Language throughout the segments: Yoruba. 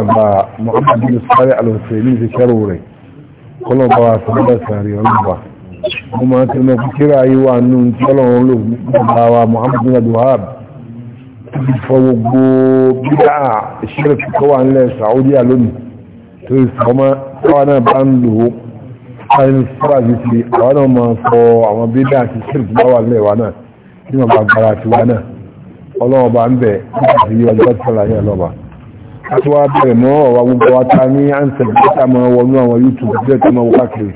àgbà Muhammad bin sáré alùsèlú ti kẹrù rẹ̀ kọlọ̀bà sọ́dọ̀ sàárì ọlọ́bà mo máa tẹ́lẹ̀ mẹ́kú kíra yíwa nù tí ọlọ́run lò nígbàwà Muhammad bin abdullahab ti fọwọ́ gbó bídá ìṣẹ́rẹ̀ tó kọ́wà ńlẹ̀ Saudi lónìí tó ìsọmọ́ táwa náà bá ń lò ó káyọ̀ sára yìí ti àwọn náà máa fọ àwọn bídá àti ìṣẹ́rẹ̀ tó bá wà ńlẹ̀ wa náà ní wọn bá gbára tiwa náà ọlọ́wọ́ bá ń bẹ̀ nígbà tí yíwa jọ́ tẹ́lẹ̀ ayé ọlọ́ba àti wá bẹ̀rẹ̀ mọ́ ọ̀wà gbogbo ata ní ansẹ̀ tẹ́ta mọ́ wọnú àwọn youtube bí ẹ̀tọ́ máa wọ́pá kiri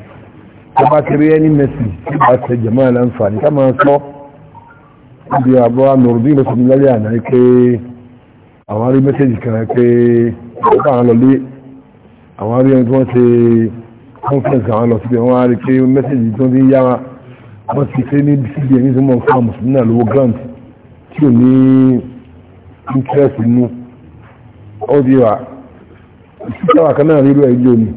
tó bá kiri ẹni mẹ́sì tí bá ṣe jẹ̀mọ́ ẹ̀ láǹfààní ká máa sọ ibi àbọ̀ nùrùdí lọ sọmi lálẹ́ àná pé àwọn arí mẹ́sẹ̀jì kan pé wọ́n bá lọ lé àwọn arí ẹni tí wọ́n ṣe conference àwọn lọ síbi àwọn arí pé mẹ́sẹ̀jì tó ti ń yára wọ́n ti ṣe ní cbn ní sọmọ fún àmùsùn náà lówó grant tí ò ní interest nù ó di wa sísáwà kan náà rírú ẹjọ́ ni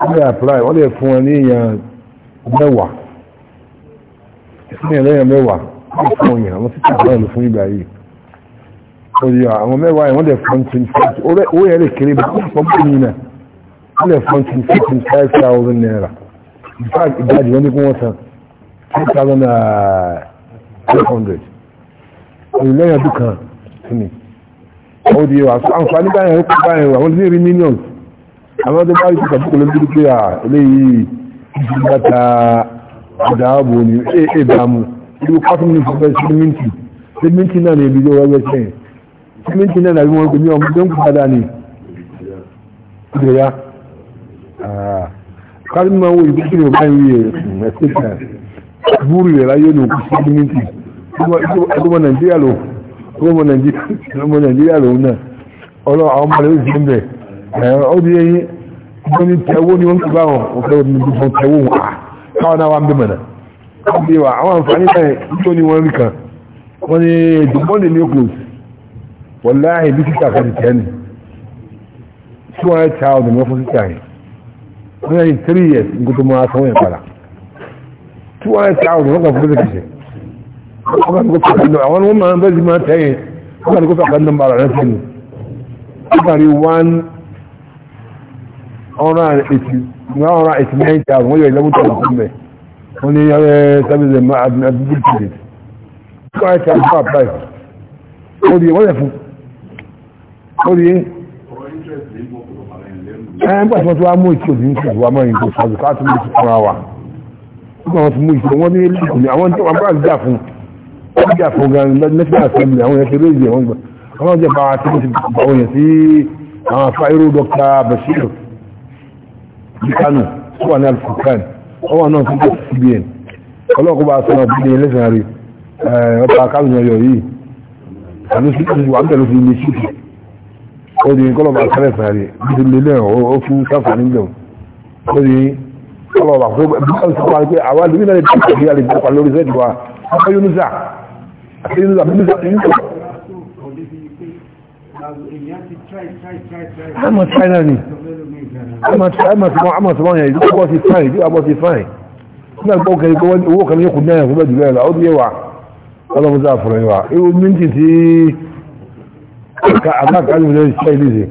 wọ́n lè apply wọ́n lè fún wọn ní èèyàn mẹ́wàá ìsìn ẹ̀lẹ́yàn mẹ́wàá wọ́n fún òyìn àwọn sísá náà lè fún ìgbà yìí ó di wa àwọn mẹ́wàá yẹn wọ́n lè fún twenty five owó yẹn lè kéré bá wọ́n fún mi náà wọ́n lè fún twenty five twenty five thousand naira in fact ìdájì wọn ní kí wọ́n san two thousand uh, eight hundred mi ó di wà àǹfààní báyìí ó kú báyìí àwọn tí ní rí millions àwọn tó bá rí títà púpọ̀ lóbi pé à eléyìí ìgbàta ìdáàbò ní èdàmù ìlú pátánù fúnfẹ́ símíntì símíntì náà ní ibi tó wọ́wọ́ sẹ́yìn símíntì náà nàbí wọn pè ní ọmọ tó ń kú padà ní ìdẹ̀yà káàdì máa ń wo ìgbésí ní ọba ìwé ẹ̀sìn ẹ̀sìn búrú rẹ̀ láyé ní òkú símíntì ẹgbẹ́ nàìjíríà lò ọmọ nàìjíríà lòun náà ọlọ́ àwọn ọmọ rẹ̀ sí ẹ̀mẹ̀ ó di ẹyìn wọ́n ni tẹ̀wó ni wọ́n ti bá wọn òfẹ́ òdì níbi fún tẹ̀wó wọn káwọn náà wà ń bẹ̀mẹ̀ náà bí wà àwọn àǹfààní náà tó ní wọ́n rí kan wọ́n ni dùgbọ́n lè ní close wọ́n láàyè bí títà kan ti tẹ́ni tí wọ́n ta ọ̀dọ̀ mọ́ fún títà yìí wọ́n yà ní three years nǹkan tó mọ́ ọkàn kó fẹ́ kàndọ̀ àwọn ọmọ máa bẹ́ẹ̀ sí máa tẹ́yẹ ọkàn kó fẹ́ kàndọ̀ bàrà rẹ̀ fẹ́ ni ọkàrí 189,000 wọ́n yọ ìlẹ́gbùtọ̀ lọ́kùn bẹ̀ wọ́n ni yọ sẹ́bẹ̀sẹ̀ máa àdúgbò tìlẹ̀ wọ́n yẹ kí a fún àpáì ó di wọ́n yẹ fún ó di ẹ̀yìn pàṣẹ wọn tó wá mú ìtì òbí ń sọ̀rọ̀ àmọ́ ìgbò sọ̀rọ̀ káàtó mú ìtì fúnra wa wọ́n ti mú ìtì wọn ní ilé ìkùnlẹ̀ àwọn tó wọn bá ń jà fún un ọjà fọgán national assembly àwọn ẹ̀ṣẹ̀ rẹ̀ wọ́n gbà àwọn ọjà bá tí wọ́n ti bá wọ́n yẹ̀ sí àwọn afáírò dr bashir bikanu tó wà ní alfukan ọwọ́ náà fún cbn ọlọ́ọ̀kọ́ bá sọ́nà bí i lẹ́sìn rí ọba akáwìn ọyọ yìí àlùsí ti wà ń tẹ̀lé sí ilé ṣíkì ó di kọ́lọ̀ bá sẹ́lẹ̀ sàárè bí ti lélẹ̀ ó fún sáfà nílẹ̀ ó di kọ́lọ̀ bá fún àti nínú àbíbí sọ èyí sọ. àmọ̀ china ni àmọ̀ sọmọ yẹn ìdíkọ̀ bọ́ sí fine ìdíkọ̀ bọ́ sí fine nígbà gbọ́ kẹrin pé owó kan yóò kún náírà fún bẹ́ẹ̀ jùlọ ẹ̀la ó bí wà ọlọ́mọdé àfọ̀rọ̀ ìwà ewu minti tí àgbàkálù rẹ̀ ṣe ilé ṣe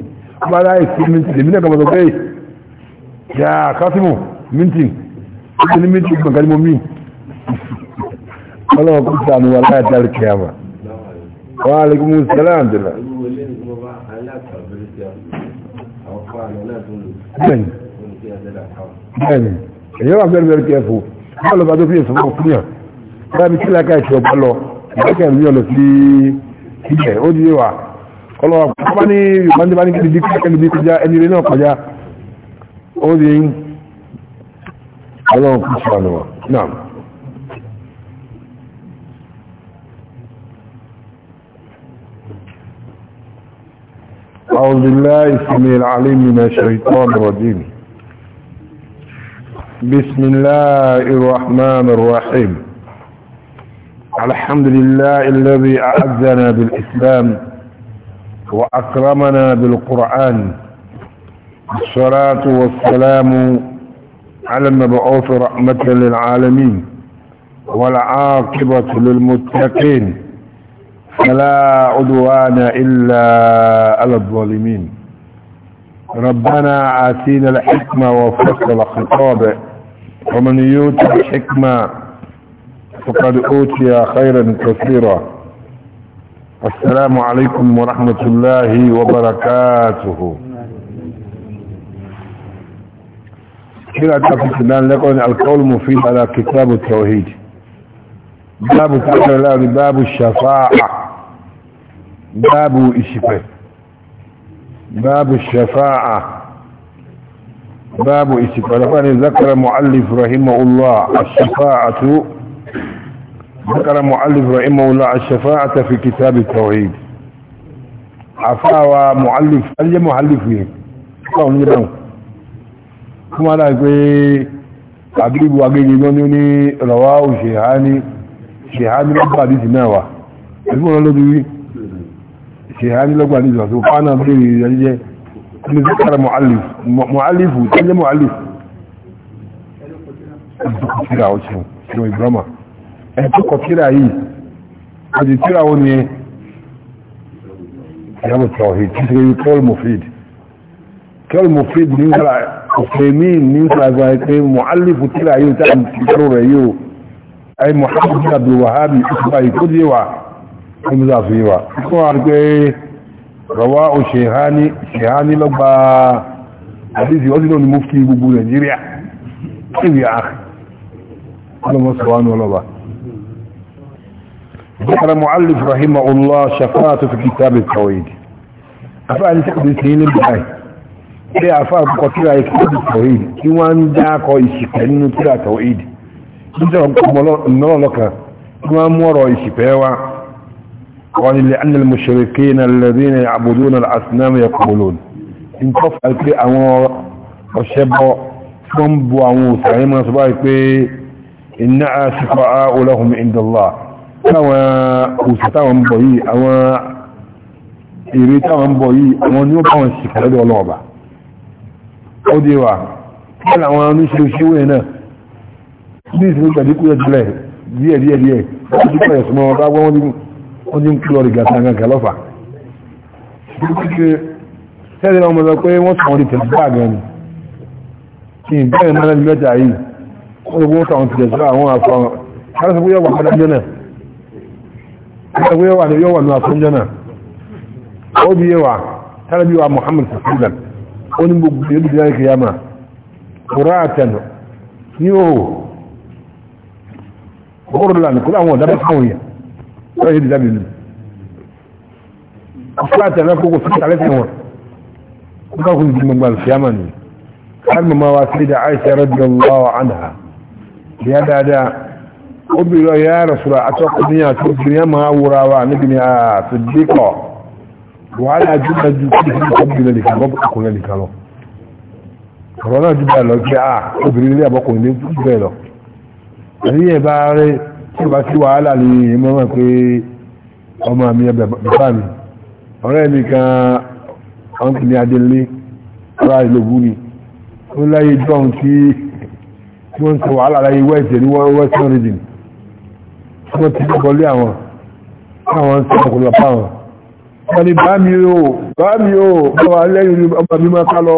ọba láì sí minti lèmi náà kọmọdọ̀ pé yà kásìmù minti ó ti ní minti gbọ̀ngàn mọ́ minti ọlọ́wọ́ kó sànú wa látàrí kìyàmà wà alẹ́gbùmù sẹ́lẹ̀m dìlá bẹ́ẹ̀ni èyí wà bẹ́ẹ̀rẹ̀ bẹ́ẹ̀rẹ̀ kẹfù wọ́n lọ bá tó fi èsùn fún fún yàn láàbí kí láká ìṣẹ́ ọgbà lọ ìgbẹ́kẹ̀ ìlú ọ̀lọ̀ sí ilẹ̀ ó di wà ọlọ́wọ́ kọ́bá ní yorùbá ní bá ní kí ní أعوذ بالله السميع العليم من الشيطان الرجيم بسم الله الرحمن الرحيم الحمد لله الذي أعزنا بالإسلام وأكرمنا بالقرآن الصلاة والسلام على المبعوث رحمة للعالمين والعاقبة للمتقين فلا عدوان إلا على الظالمين ربنا آتينا الحكمة وفصل خطابه ومن يوت الحكمة فقد أوتي خيرا كثيرا السلام عليكم ورحمة الله وبركاته كلا تفسدان لقون القول مفيد على كتاب التوحيد باب تقرأ باب الشفاعة باب إشفاء باب الشفاعة باب إشفاء لقد ذكر مؤلف رحمه الله الشفاعة ذكر مؤلف رحمه الله الشفاعة في كتاب التوحيد عفاوى مؤلف أي مؤلف فيه قول كما لا يقول أقريب وأقريب يقولني رواه شيهاني شيهاني ربا دي سناوة يقول الله kìhání lọ́gbà ní ìjọ tó fánà bèèrè ìyẹn ní zikara mu'alifu tó jẹ́ mu'alifu ẹ̀dùkù tíra ọ̀ṣẹ̀ ṣe ìbrọ́mà ẹ̀dùkù tíra yìí ọdí tíra wọn ni ìyàmù tọ́hì tí ṣe rí kọ́l mufid kọ́l mufid ní sára òfèmí ní sára gba ẹgbẹ́ mu'alifu tíra yìí tá ọmọ ìzàfihàn wa kí wọ́n rí pé rọwá o ṣèhání lọ́gbà àdíjì ọdún náà ni mú kí gbogbo Nàìjíríà ìrìn àkì ọlọ́mọsọ̀wánú ọlọ́ba ذكر معلف رحمه الله شفاعة في كتاب التوحيد أفعل تقضي سنين بهاي pé àfáà kọ tíra ìkìlọ́dì tọ̀hìdì kí wọ́n ń dákọ̀ ìṣìpẹ̀ nínú tíra tọ̀hìdì nítorí ọmọ ọlọ́kan kí wọ́n mú ọ̀rọ̀ ìṣìpẹ̀ قال لأن المشركين الذين يعبدون الأصنام يقبلون إن تفعل كي أمور وشبه فنب وعموس عيما سبايك بي إنها شفعاء لهم عند الله كما أوسطا بي أما إريتا بي أما نيوبا وانشكال دي ولعبا أوديوا كان أما نشيو شوينا بيس نيوبا ديكو يجليه ديه ديه ديه ديه ديه ديه ديه ديه ó dín kí lọ́rì gàtà gàgà lọ́fà sẹ́ẹ̀dì náà mọ̀ sọ pé wọ́n sọ orí tẹ̀síwá gan ni kí n bẹ́ẹ̀ mọ́lá ní mẹ́ta yìí wọ́n sọ pé wọ́n sọ àwọn tẹ̀síwá àwọn afọ àwọn sọ pé yọ̀wà padà jẹ́ náà wọ́n sọ pé yọ̀wà ní yọ̀wà ní àfọ́njẹ́ náà ó bí yẹwà tẹ́lẹ̀ bí wa Muhammad sọ̀tìlẹ̀ ó ní gbogbo yóò dìde láì kìyàmà kúrò àtẹnu ní òhò kúrò lànà kúrò àwọn ọ̀dà wọ́n yé dìda bìlú afúlàtì alákòókò fún alẹ́ fún wọn wọ́n kọ́ kún gbogbo alfiyama ni kálmà máa wá sí da aisha radiyallahu anha ya dáadáa ó bí lọ ya rasula atọ́kùnrin àti obìnrin máa wúra wa níbi ni a sọ̀díkọ̀ wàhálà jùlọ ju kí ní ọkùnrin ọ̀rọ̀ náà jùlọ lọ sí ah, obìnrin ní àbọ̀kùnrin ní bẹ́ẹ̀ lọ àríyẹ̀ bá rẹ̀ tí bá sí wàhálà ní ìmọ́mọ̀ pé ọmọ mi bàbá mi ọ̀rẹ́ mi kan ọ̀nkì ní adélé ara ìlògún ni ó láyé john tí wọ́n sọ wàhálà láyé west ní western region tí wọ́n ti bọ́lé àwọn àwọn ń sọ ọkùnrin bàbá wọn wọ́n ni bá mi o bá mi o bá lẹ́yìn ọmọ mi máa ká lọ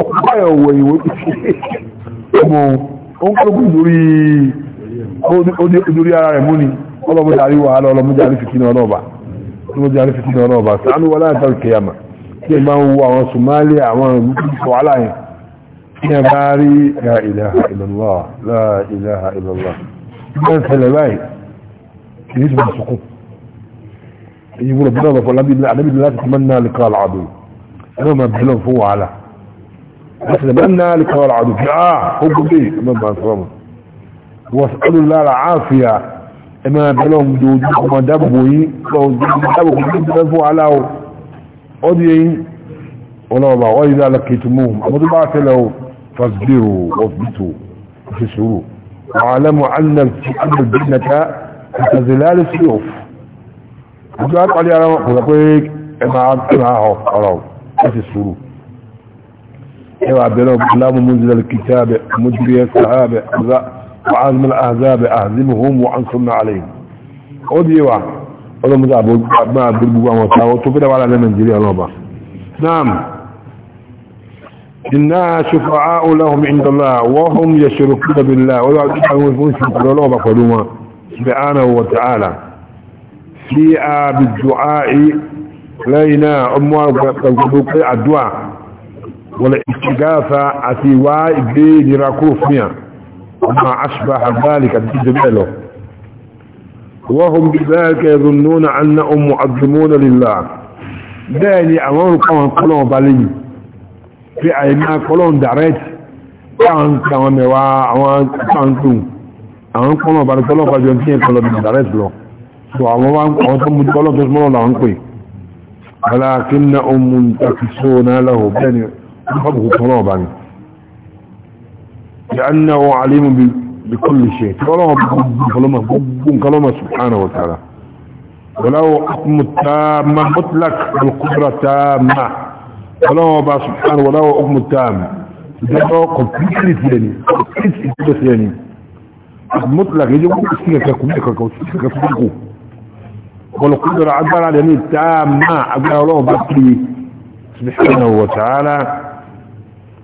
ọ̀pọ̀ ọ̀wọ̀ ìwé ọmọ òun kọ́lùkù lórí ojúrí ara rẹ̀ múni ọlọ́mọdé àrí wàhálà ọlọ́mọdé àrí fìtínà ọlọ́ọ̀bà ọlọ́mọdé àrí fìtínà ọlọ́ọ̀bà sàánú wọlé àtàrí kẹyàmà tí ẹ máa ń wo àwọn somali àwọn wàhálà yẹn tí ẹ bá rí la ilaha illallah la ilaha illallah tí wọ́n tẹ̀lé báyìí kì í sọ̀rọ̀ sọ̀kún èyí wúlò bí náà fọlá àdébí láti tẹ̀mẹ́ náà lè kọ́ àlàdù ẹ̀rọ máa bẹ̀rẹ̀ fún wàhálà láti tẹ̀mẹ́ náà lè kọ́ àlàdù kí á ah, ó gbé ọmọ واسألوا الله العافية اما بلهم دوجوكم دبوي ودبوكم دبوا على اوديين ولا الله واذا لقيتموهم اما دبعت له فاصبروا واثبتوا وفسروا وعلموا ان في الجنة كظلال السيوف وقالت علي على مقصد اما عبد معه قرار في يا عبد الله منزل الكتاب مجري السحابة وعالم الأهزاب أهزمهم وأنصرنا عليهم أودي واحد أولو مذاب ما أدربوا وطاوة وطفلوا على نمنزلية الله نعم إنا شفعاء لهم عند الله وهم يشركون بالله ولو يكون شفعاء الله بقلوما سبحانه وتعالى فيها بالدعاء لينا أموال الدعاء والاستغاثة أتواء بيدي راكوف مياه وما أشبه ذلك الجبال وهم بذلك يظنون أنهم مؤذمون لله ذلك أمر قوان قلون بالي في أيما قلون دارت قوان قوان موا قوان قوان àwọn kọ́nà ọ̀bá nípa ọlọ́pàá jọ tí ẹ̀kọ́ lọ́bí direct lọ so àwọn wá àwọn tó mújú ọlọ́pàá náà lọ́wọ́ bẹ́ẹ̀ ni wọ́n bá bùkún ọ̀bá ni لأنه عليم بكل شيء فلما سبحانه وتعالى ولو أقم التامة مطلق بالقدرة تامة ولو أبا سبحانه ولو حكم التام ده قبيل ثاني قبيل ثاني مطلق يجب أن يسيرك كميكك وسيرك كميكك والقدرة عدل عبارة عن التامة يعني أقول الله بكي سبحانه وتعالى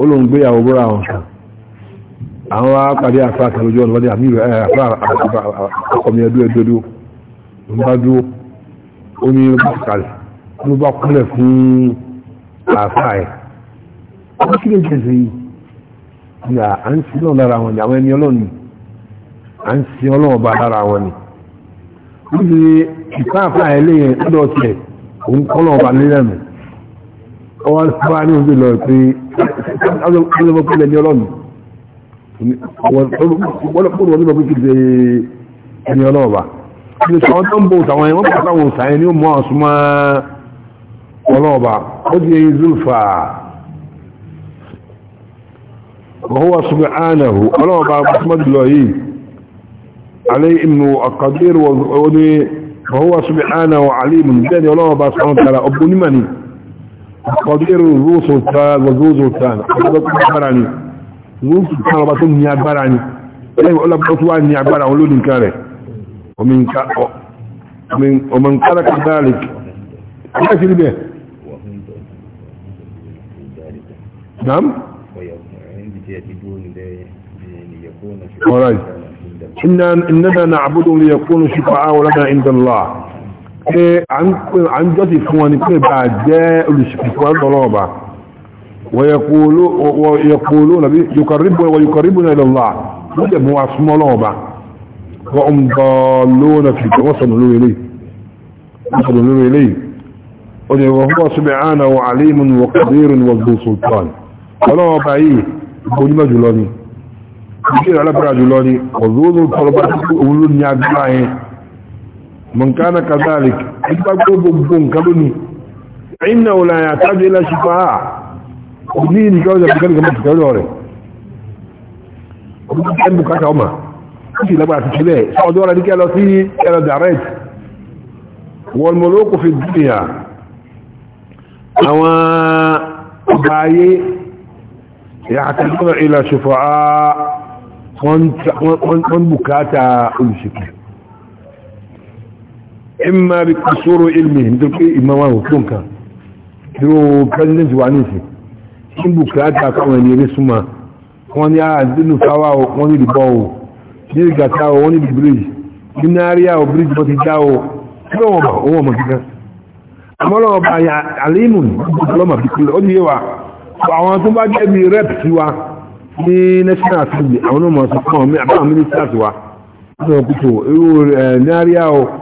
olóhun gbéyàwó búra ọ̀sán àwọn apàdé àfà àtàlójú ọ̀nà wọ́n dé àmì àfà àkọ̀mí ẹdú ẹdúdú ló bá dúró ó ní bá kalẹ̀ ló bá kúnlẹ̀ fún àfà ẹ̀ wọ́n kí lè jẹ́sẹ̀ yìí ni à ń sin náà lára wọn ni àwọn ẹni ọlọ́ni à ń sin ọlọ́wọ́ bá lára wọn ni ó sì ìfáàfà ẹ̀ lẹ́yìn ọdọ̀ tiẹ̀ òun kọ́ lọ́wọ́ bá lẹ́yìn wọ́n bá ní oúnjẹ lọ pé ọlọ́mọkúnlẹ̀ ní ọlọ́nù wọ́n ní bọ́kú kìí ẹni ọlọ́ọ̀bá ní sọ́wọ́n tó ń bó tàwọn ẹ̀wọ́n pàtàkì àwọn òsàyẹ ní mọ́ àsúnmọ́ ọlọ́ọ̀bá ó di ẹyin zulfa wọ́wọ́ súnmọ́ ánàhù ọlọ́ọ̀bá súnmọ́ jùlọ yìí alẹ́ ìmú àkàdérò wọ́wọ́ súnmọ́ ánàhù alẹ́ ìmú bẹ́ẹ̀ ni ọlọ́ọ̀bá sọ́wọ́n tara ọbọ̀ onímọ̀ ni kọ̀dírù rúùsù tán gbogbo tán agbára ni rúùsù tán ọba tó ní agbára ni ẹ̀yìn ọlọ́pàá tó wá ní agbára wọn lónìí nǹkan rẹ̀ ọmọ nǹkan rẹ̀ kàdáàlì ọjọ́ ìṣẹ́lẹ̀ bẹ̀ dám ọ̀rọ̀ ìnáná na àbúdó lè yẹ kúnnù pé à ń jọ́sìn fún wọn ni pé bá jẹ́ olùsìkìkọ́ lọ́lọ́ọ̀bà ويقولون يقربون ويقربون الى الله وجب واسم الله وهم ضالون في وصلوا اليه وصلوا اليه وهو سبحانه عليم وقدير وذو سلطان ولا بعي بني مجلوني كثير على برجلوني وذو الطلبات اولون يا جماعه من كان كذلك يتبقوا كبني فإنه لا يحتاج إلى شفاعة ودين جوزة بكالك ما تتعلوري وكان بكاك عمى كنتي لبعا تشبه سعود ولا لك ألا تي ألا دعريت والملوك في الدنيا أو باي يحتاجون إلى شفاعة وانت بكاتا أمسكي imma bi kusuru ilmi nítorí ìmọ̀ wọn ò tó nǹkan dúró president wa ní ìsìn kí n bùkátà káwọn ẹni eré súnmọ́ wọn ní àdínú káwá o wọn ní ìdìbọ o ní ìgàtà o wọn ní ìdìbíríjì ní náírà o bíríjì bọ́ ti dá o kí ló wọn bọ̀ owó ọmọ kíkan àmọ́ lọ́wọ́ bá yà àlímù ọlọ́mọ bí kúlẹ̀ ó ní wa àwọn tó bá jẹ́ rep sí wa ní national assembly àwọn ọmọ sọ fún àwọn mínísítà sí wa wọ́n sọ pé tó náírà o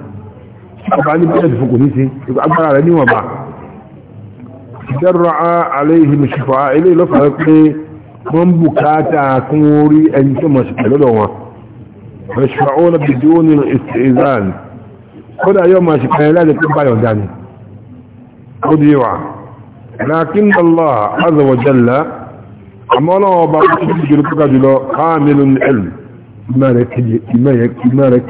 ọba ní bẹ́ẹ̀ fún kò ní sí agbára rẹ̀ níwọ̀n bá dẹ́rọ aléhì mùsùfà ilé ìlọ́fàá pé wọ́n bù káàtà kún orí ẹni tó mọ̀ sí pẹ̀lú wọn mùsùfà ó lọ́bì tí ó ní ìzán kódà yóò máa ṣìkẹ́ láti pín báyọ̀ dání ó di wà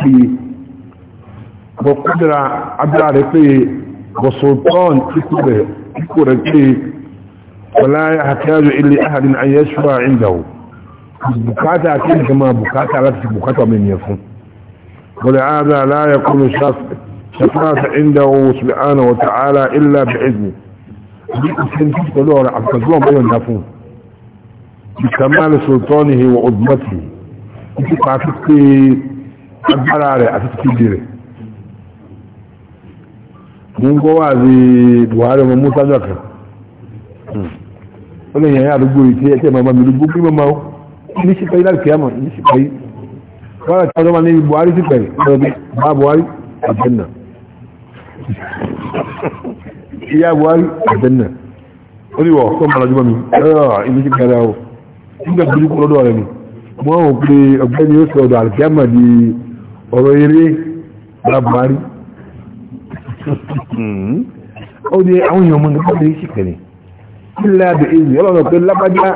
بقدر عبد الله بسلطان كبره كبرتي ولا يحتاج إلى أحد أن يشفى عنده بكاتا كل كما بكاتا لا بكاتا من يفهم ولهذا لا يكون شخص شفاة عنده سبحانه وتعالى إلا بإذنه بكثير كدور عبد الله بيون نفهم بكمال سلطانه وعظمته بكاتا كي أبراري أتتكي ديري ń gbọ́ wà sí buhari ọmọ musa jọkàn ó lè yẹn àdúgbò ìtí ẹ̀kẹ́ màmá mi lúgbó pín mọ́mọ́ ní sí pẹ̀lú àti kíámọ̀ ní sí pẹ̀lú wọ́n àti ọjọ́ máa ní buhari sí pẹ̀lú ọjọ́ bá buhari àjẹ́nà ìyá buhari àjẹ́nà ó ní wọ̀ tó máa lọ́jọ́ mi ẹ̀rọ ìlú sí pẹ̀lú ọ nígbà tó dúkú lọ́dọ̀ rẹ̀ ni wọ́n rò pé ọ̀gbẹ́ni ó sọ ọ̀dọ̀ àti di ọ̀rọ̀ eré bá buhari ó ní àwọn èèyàn mọ́ni kọ́ lórí ṣìkẹ̀lẹ̀ kí láàbẹ̀ èyí ọlọ́run pé lábájá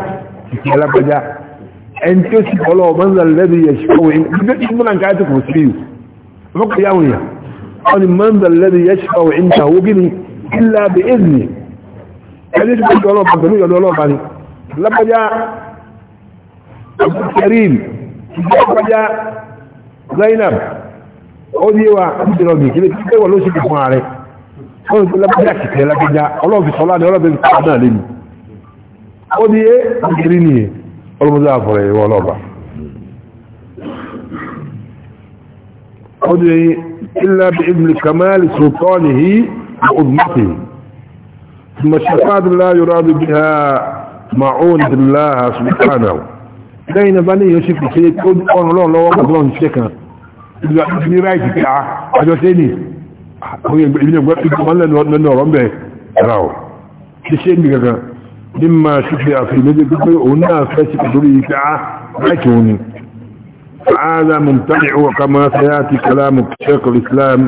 ìkẹ́ lábájá ẹni tí ó sì kọ́ lọ́wọ́ mọ́nà lẹ́bi yẹ ṣùgbọ́n ìgbọ́n nǹkan àti kò sí yìí ọmọkọ̀ yà wọ̀nyà wọ́n yẹ ṣùgbọ́n Zainab ó ní wa ìṣẹ̀lẹ̀ ọ̀gbìn kí lè wọ́n ló ṣe fún ààrẹ ó ní lábẹ́jà kìkẹ́ lágbẹ́jà ọlọ́ọ̀fi sọlá ni ọlọ́ọ̀fi sọlá náà lé mi ó ní àgbèrè ni ọlọ́mọdé àfọ̀rẹ̀ ìwọ ọlọ́ọ̀bà ó ní ilẹ̀ ibn kamal sultanihi wa uzmati الله سبحانه لين بني يوسف كي ní ráìtì pé ah, àjọ tẹ́ni ah, àwọn ìgbìyànjú ọ̀rọ̀ ń bẹ̀ ara ọ̀ tí ṣe ní gangan ní ma ṣùgbẹ́ àfi méjì pípé òun náà fẹ́ sí pẹ̀lú ìfẹ́ á ráìtì òun ni فهذا ممتنع وكما سيأتي كلام شيخ الإسلام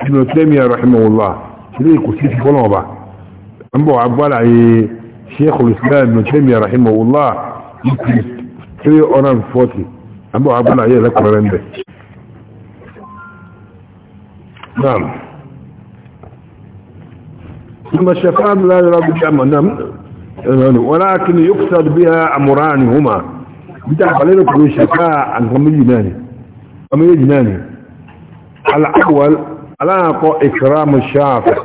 ابن تيمية رحمه الله ليه كسيتي قلوبة أنبو عبال شيخ الإسلام ابن تيمية رحمه الله 340 أنبو عبال عيه لكم رنده نعم ثم الشفاعة لا يراد بها نعم ولكن يقصد بها أمران هما بتاع قليل كل شفاعة عن قمي جناني قمي جناني الأول على إكرام الشافع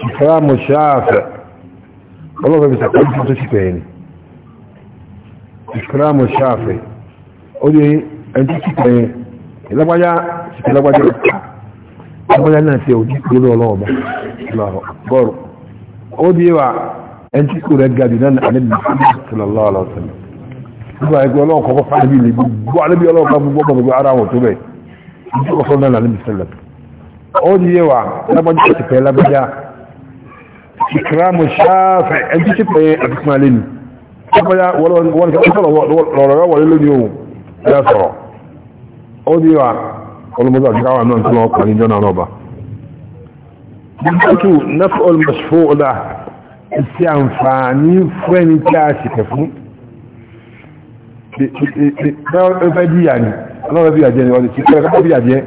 إكرام الشافع والله بيتقل في شفاعين إكرام الشافع قولي أنت شفاعين تشفيني لبعجة لبعجة ọmọdé náà ṣe òjì lórí ọlọ́ọ̀bá bọ́ọ̀rù ó di wa ẹni tí kò rẹ̀ ga jù náà àlẹ́ sallallahu alaihi wasallam nígbà ẹgbẹ́ ọlọ́ọ̀kọ́ kọ́ fàájì lè gbogbo alẹ́bí ọlọ́ọ̀kọ́ gbogbo gbogbo ara wọn tó bẹ̀ ìjọ ọ̀sọ́ náà àlẹ́ sẹlẹ̀ ó di wa lábọ́jú ti pẹ́ lábẹ́já ìkìrámù ṣáfẹ̀ ẹni tí pẹ́ àfikún alẹ́ ni wọ́n lọ́rọ̀ wọlé lónìí òun ẹ̀ ọlọ́mọdé àti káwà náà tí wọ́n kà ní jọ́nà náà bá dídátù náfẹ́ olùmọ̀ṣfó ọ̀dà ìsì àǹfààní fẹ́ni tí a sì kẹ̀ fún ẹgbẹ́ bíyà ni ọlọ́mọdé bíyà jẹ́ ni ọdí sí kẹ́kẹ́ bíyà jẹ́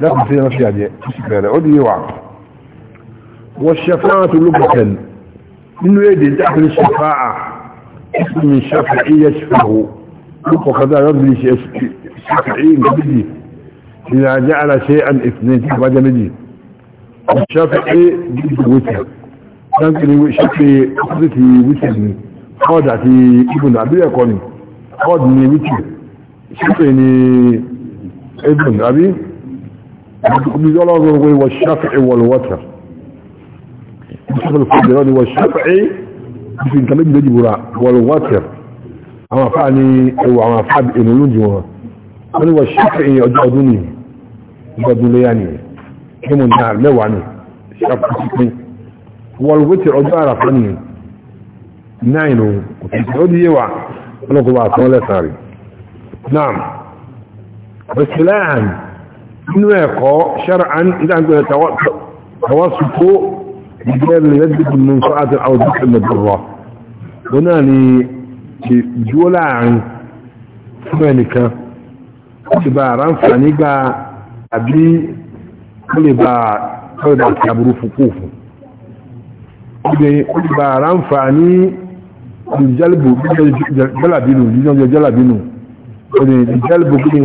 láti sí ẹ̀rọ bíyà jẹ́ ó ṣe fẹ́ràn tó إذا جعل شيئا اثنين بعد مجي الشافعي جد وتر كان شافعي قدتي وتر خادعتي ابن عبد يقولي خادني وتر شافعيني ابن أبي والشافعي هو الشافعي الفضلاني والشافعي في كمان يجب والوتر أما فعني أو أما فعب إنه يجب أنا والشافعي أدعني gbọ́dún léyà ni kímù náà mẹ́wàá ni ṣàkóso wọlwítì ọjọ́ àràfẹ́ ni náà inú kò tí ó di yíwa ọlọ́kọ̀wà àtọ́ lẹ́sàrí náà bẹ̀sìláàn inú ẹ̀kọ́ ṣẹ́ràn ìdáǹgbẹ̀ tawásùkó ìgbẹ̀rẹ̀ lẹ́gbẹ̀dùn mú sọ́àtì àwọ̀dúkẹ̀ mẹ́bọ̀rọ̀ wọn náà ni ìjọ́ láàrin fún àbí ó lè bá ọ̀dà àti àbúrú fòkófò ó lè bá ara ń fa ní ìjálìbò jálàbínú jíjọ́jọ́ jálàbínú ó lè jálìbò gíní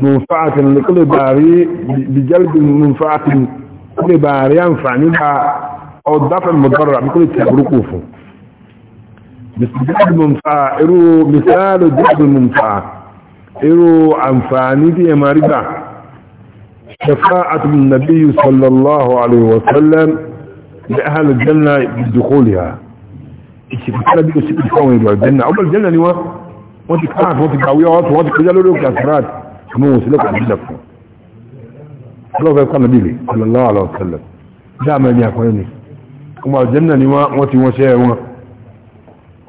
mùfàátin kó lè bá rí ìjálìbò mùfàátin kó lè bá rí àǹfààní bá ọ̀dáfẹ́ mọ̀dọ́rọ̀ ايرو انفاني دي ẹ شفاعة النبي صلى الله عليه وسلم لأهل الجنة بدخولها الشفاعة بيقول سيد الكون يدعو الجنة أول الجنة لوا وانت كعات وانت كعويات وانت كجال ولو كأسرات كمو سلوك عن جنة الله فيبقى النبي صلى الله عليه وسلم دعما يا أخواني كما الجنة لوا وانت وشاء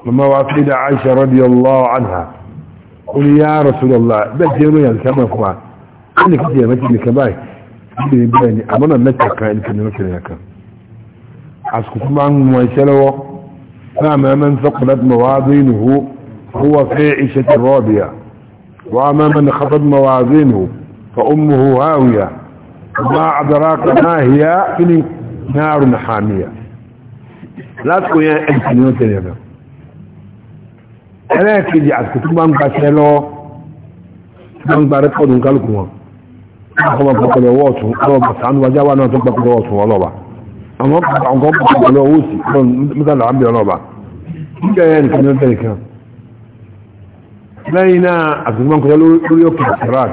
لما وعقيد عائشة رضي الله عنها قل يا رسول الله بجيرو يعني يا كما كما قال كده يا متي كباي بين بين امنا متى كان كان متى يا كان اسكو كما ما يشلو فما من ثقلت موازينه هو في عيشة راضية وأما من خفض موازينه فأمه هاوية ما أدراك ما هي نار حامية لا تكون يا أنت نوتن يا ẹlẹ́ẹ̀kejì àsìkò tó bá ń gbaṣẹ́ lọ bá ń gba rẹ́kọ̀dù kálukú wọn àwọn ọmọ pàpàlẹ̀ ọwọ́ ọ̀tún àwọn ọmọ sàánú wájá wà náà tó pàpàlẹ̀ ọ̀tún ọlọ́ba àwọn ọmọ pàpàlẹ̀ ọwọ́ òsì mẹ́tàlá àmì ọlọ́ba nígbẹ̀ẹ́ nìkan ní ọ̀tẹ̀ nìkan lẹ́yìn náà àsìkò máa ń kọjá lórí òkè sirat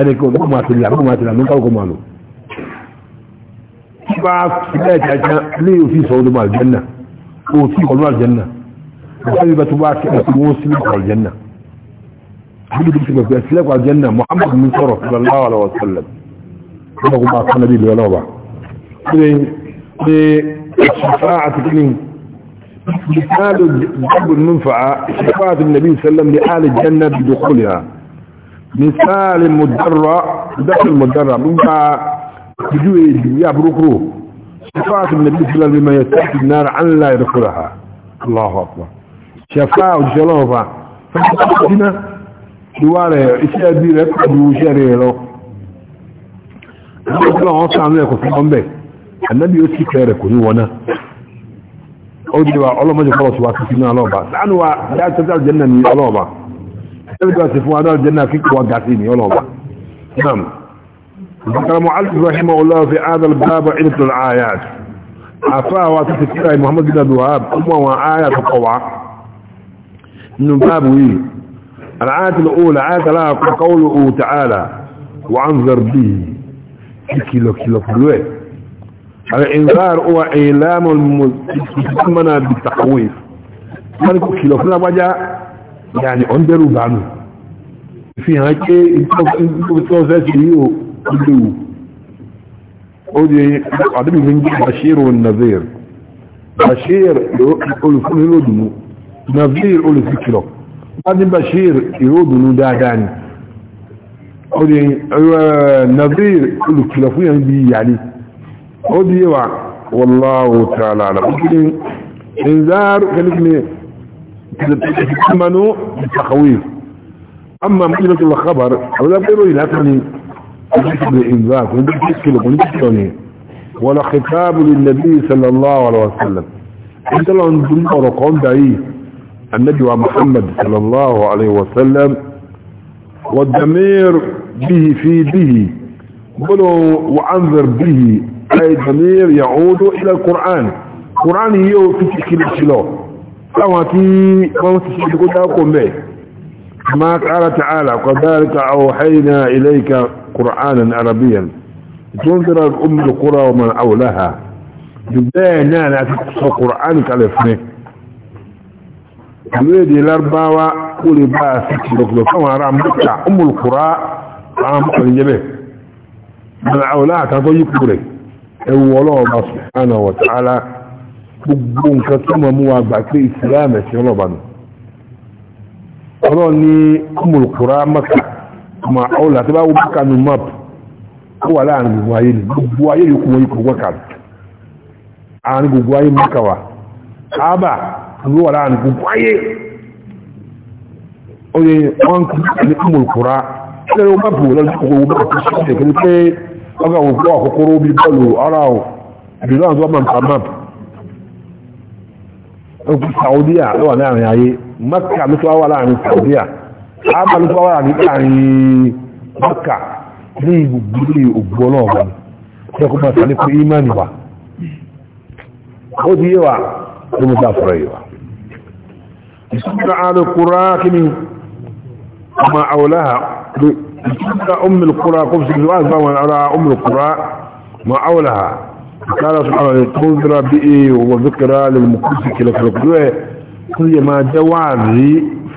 ẹni kò gbọ́n máa tẹ̀lé àbúkò máa tẹ̀lé àmì kálukú máa lò وفي قلوها الجنة وحبيبة باك المسلم على الجنة حبيبة بسيبك بأسلاك على الجنة محمد من صرف صلى الله عليه وسلم الله ما النبي نبي ولا بعض شفاعة كلمة مثال جلب المنفعة شفاعة النبي صلى الله عليه وسلم لآل الجنة بدخولها مثال المدرة دخل المدرة مما بجوه يا بروكرو شفاعة النبي صلى الله عليه وسلم يستحق النار عن لا يدخلها الله أكبر شفاعة الجلوفة فكتبتنا دوالة إشياء دي ربك بوشاري له أنا أقول الله أصلا عمليك في الأنبي النبي يسكي كيرك ونوانا أودي بقى الله ما جي خلاص واسكينا الله بقى سعنوا بقى لا تتعال الجنة الله بقى تبقى سفوا الجنة فيك وقعتيني الله بقى نعم ذكر معلق رحمه الله في هذا الباب عدة الآيات عفاه وتفكير محمد بن الوهاب أما وآية قوة من باب ويه الآيات الأولى آيات لها قوله تعالى وأنذر به كيلو كيلو كيلو الإنذار هو إعلام المتمنى بالتخويف مالكو يعني كيلو كيلو بجا يعني أنذروا بعنه في هكي انتو بتوزاتي يو كله ودي عدم من بشير والنذير بشير يقول فل يودن نذير يقول فكره بعدين بشير يودن دادان ودي نذير يقول كلفيا بي يعني ودي والله تعالى على انذار كلمني كلمني تخويف اما مجلس الخبر هذا غير يلاقني ذكر الإنفاق ولا خطاب للنبي صلى الله عليه وسلم انت لو انتم رقم بعيد النبي محمد صلى الله عليه وسلم والضمير به في به قلوا وانذر به اي ضمير يعود الى القرآن القرآن هي في تشكيل الشلو لو هتي ما تشكيل قلت به ما قال تعالى وكذلك اوحينا اليك قرآنا عربيا تنظر الأم القرى ومن أولها جبان يعني أتقصى قرآنك على فنه الويدي الأرباوة قولي بقى ست فما رام رأى أم القرى عام الجبه من أولها تقول قولي أولو الله سبحانه وتعالى بقبون كتما موابعك لإسلامة يا الله بنا قالوا أني أم القرى مكة ma ọ̀la tí bá wọ́n bá kanu map ó wà láàrin gbogbo ayé ni gbogbo ayé yòókù wọ́n yóò wọ́n kàn àárín gbogbo ayé mọ́kà wa ààbà ló wà láàrin gbogbo ayé ó yẹ wọ́n kú ní ọmọ ìkura ṣẹlẹ̀ wọ́n bá bù wọ́n lọ́dún kòkòrò wọ́n bá kú sí ṣe kí pé ọgá wọn fún àkókòrò bí bọ́ọ̀lù ara ọ̀ àbílọ́ àwọn ọmọ nǹkan map ó kú Saudiya ló wà láàrin ayé mọ́kà ló tó wà láàrin Saudiya àbálùpá wà ní àárín mọ́kà ní ìgbìlẹ̀ ògbó ọlọ́ọ̀bọ̀ ní ẹkùn máa sàlẹ̀ fún imani wa ó ti yé wa tó mú sáfẹ́rẹ́ yìí wa ìsúnká alùkúrá kí ni ọmọ àwòláhà ìsúnká ọmọlùkúrá kó fi ṣe wá àwòláhà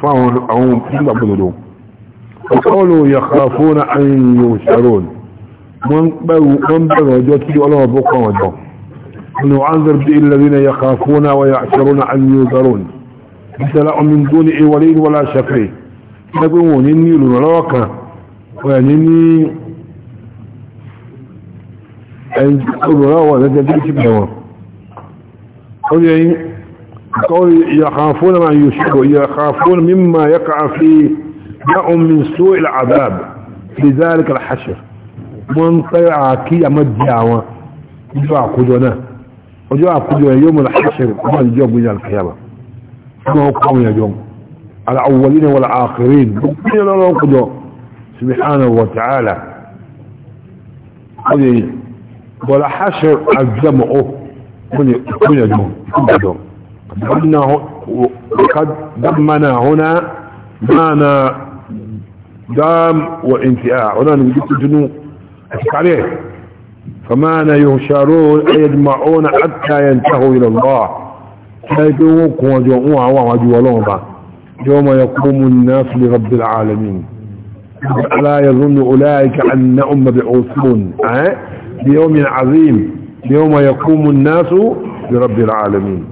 فهم يقبلون وقالوا يخافون أن يوسرون من بلوا جوتي ولا بقى وجوه ونعذر به الذين يخافون ويعشرون أن يوزرون مثلا من دون ولي ولا شفيع يقولون إني لنراك ويعني أن تقول لا ولا قل يعني يخافون ما يشكو يخافون مما يقع في لهم من سوء العذاب لذلك الحشر من طيع كي مجاوا جوا قدونا وجوا قدونا يوم الحشر ما الجوب من القيامة ما هو قوم يا جوم الأولين والآخرين سبحانه وتعالى ولا حشر الجمع قولي قولي كل يوم وقد دمنا هنا معنى دام وانتهاء هنا نجد الجنوب أتك عليه فمعنى يهشارون أي يجمعون حتى ينتهوا إلى الله سيدوك وجوعوها لهم يوم يقوم الناس لرب العالمين لا يظن أولئك أنهم مبعوثون أه؟ بيوم عظيم يوم يقوم الناس لرب العالمين